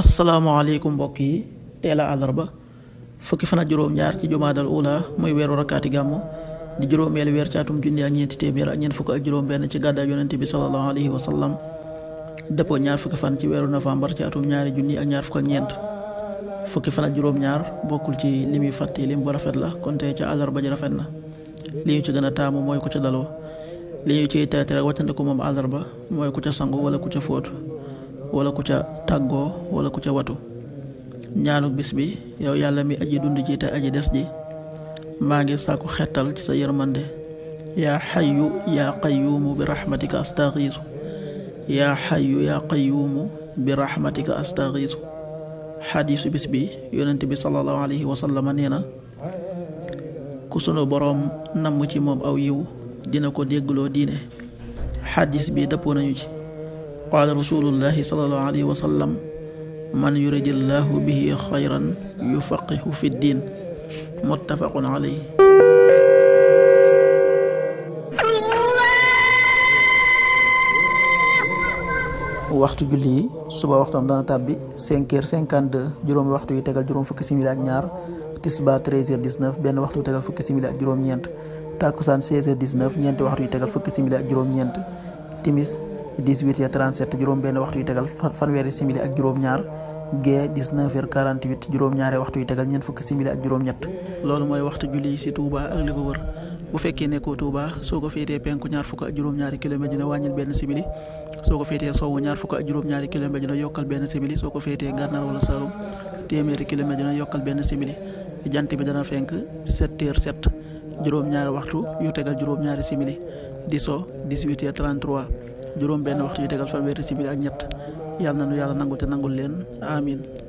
asalaamaaleykum mbokk yi teel a àllarba fukki fan ak juróom-ñaar ci jumaadal ula muy weeru rakkaati gàmmu di juróomeelu weer ci atum junni ak ñeenti téeméer ak ñeent ak juróom ci gàddaay yonent bi sallallahu alayhi wa sallam dëppoo ñaar fukki fan ci weeru novembre ci atum ñaari ak ñaar fukk ak ñeent fukki juróom-ñaar bokkul ci li muy fàtte lim bu rafet la kon tey ca àllarba ji rafet na li ñu ci gën a taamu mooy ku ca daloo li ñu ciy teetere wàccante ko moom àllarba mooy ku ca sangu wala ku ca fóot wala ku ca tàggoo wala ku ca watu ñaanu bis bi yow yàlla mi aji dund ji te aji des ji maa ngi sàkku xettal ci sa yërmande yaa xayu yaa qayuumu bi raxmatika astaxiisu bi raxmatika astaxiisu xadiisu bis bi yonent bi sallallahu alayhi wa nee na ku sunu boroom namm ci moom aw yiw dina ko déggloo diine xadiis bi dëppoo nañu ci qaala rasulullahi salallahu alayhi wa sallam man yuridillahu bihi xayran yufaqihu fi diin muttafaqun alayhi waxtu julli yi suba waxtoom dana tàbbi 5 heures 52 juróomi waxtu yu tegal juróom fukki simili ak ñaar tisba 13 heures benn waxtu yu tegal fukki simili ak juróom-ñeent takkusaan 16 heures 19 ñeenti waxtu yu tegal ak juróom-ñeent timis 18 ya 37 juróom benn waxtu yu tegal fanweeri simili ak juróom-ñaar gee 19 heures 48 juróom-ñaari waxtu yu tegal ñeent fukki simili ak juróom-ñett loolu mooy waxtu julli si Touba ak li ñaar fukk ak juróom benn simili soo ko féetee sowwu ñaar fukk ak juróom-ñaari kilomètre dina yokkal benn simili soo ko féetee gànnaar wala Saloum téeméeri kilomètre dina yokkal benn simili jant bi dana ñaari waxtu yu tegal juróom-ñaari simili di so 18 heures 33 juróom benn waxtu yu tegal fanweeri simili ak ñett yàlla na nu yàlla nangu te nangul leen amin